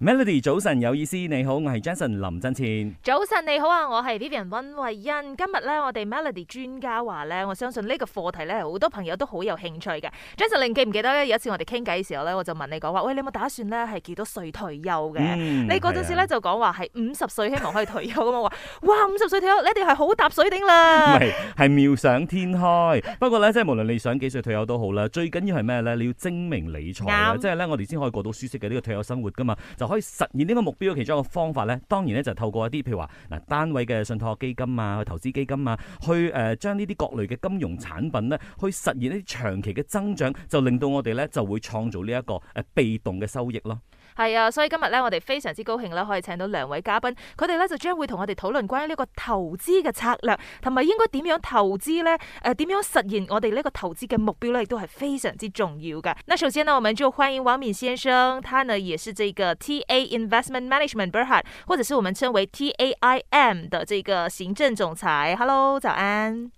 Melody 早晨有意思，你好，我係 Jason 林振千。早晨你好啊，我係 Vivian 溫慧欣。今日咧，我哋 Melody 專家話咧，我相信呢個課題咧，好多朋友都好有興趣嘅。Jason 你記唔記得咧？有一次我哋傾偈嘅時候咧，我就問你講話，喂，你有冇打算咧係幾多歲退休嘅？你嗰陣時咧就講話係五十歲希望可以退休噶嘛！話哇，五十歲退休，你一定係好搭水頂啦。唔係，係妙想天開。不過咧，即係無論你想幾歲退休都好啦，最緊要係咩咧？你要精明理財啊，即係咧，我哋先可以過到舒適嘅呢個退休生活噶嘛。就可以實現呢個目標嘅其中一個方法咧，當然咧就是、透過一啲譬如話嗱單位嘅信託基金啊、投資基金啊，去誒將呢啲各類嘅金融產品咧，去實現呢啲長期嘅增長，就令到我哋咧就會創造呢、這、一個誒、呃、被動嘅收益咯。係啊，所以今日咧，我哋非常之高興啦，可以請到兩位嘉賓，佢哋咧就將會同我哋討論關於呢個投資嘅策略，同埋應該點樣投資咧？誒、呃，點樣實現我哋呢個投資嘅目標咧？亦都係非常之重要噶。那首先呢，我們就歡迎王敏先生，他呢也是這個 T A Investment Management Berhad 或者是我們稱為 T A I M 的這個行政總裁。Hello，早安。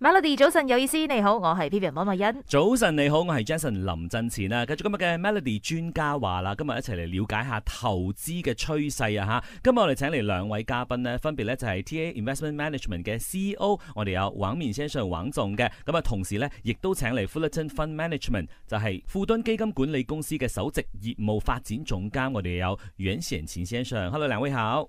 Melody 早晨有意思，你好，我係 P P 莫莫欣。早晨你好，我係 Jason 林振前啊。繼續今日嘅 Melody 專家話啦，今日一齊嚟了解下投資嘅趨勢啊吓。今日我哋請嚟兩位嘉賓分別咧就係 T A Investment Management 嘅 C E O，我哋有王敏先生王總嘅。咁啊，同時咧亦都請嚟 Fullerton Fund Management，就係富敦基金管理公司嘅首席業務發展總監，我哋有袁顯勤,勤先生。hello 兩位好。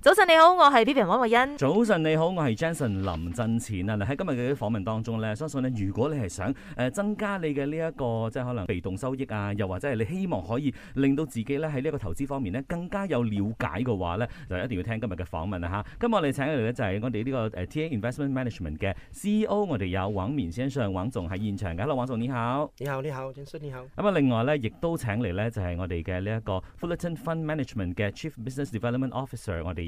早晨你好，我係 B B 王慧欣。早晨你好，我係 Jenson 林振前啊！喺今日嘅訪問當中咧，相信咧如果你係想誒增加你嘅呢一個即係可能被動收益啊，又或者係你希望可以令到自己咧喺呢個投資方面咧更加有了解嘅話咧，就一定要聽今日嘅訪問啊！吓，今日我哋請嚟咧就係我哋呢個 T A Investment Management 嘅 C E O 我哋有王敏先生、王總喺現場嘅，Hello 王總你，你好，你好你好 Jenson 你好。咁啊，另外咧亦都請嚟咧就係我哋嘅呢一個 Fullerton Fund Management 嘅 Chief Business Development Officer 我哋。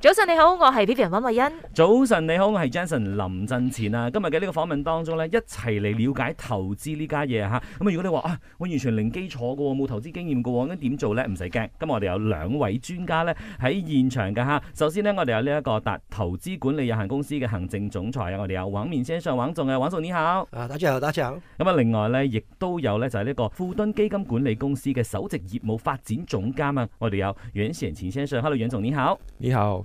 早晨你好，我係 B B 林慧欣。早晨你好，我係 Jenson 林振前啊。今日嘅呢個訪問當中咧，一齊嚟了解投資呢家嘢吓。咁、啊、如果你話啊，我完全零基礎嘅，冇投資經驗嘅，咁、啊、點做咧？唔使驚，今日我哋有兩位專家咧喺現場嘅吓、啊。首先呢，我哋有呢一個達投資管理有限公司嘅行政總裁啊，我哋有王敏先生王總啊，王總你好。啊，大家好，大家好。咁啊，另外咧，亦都有咧就係呢個富敦基金管理公司嘅首席業務發展總監啊，我哋有袁顯勤先生，hello，袁總你好。你好。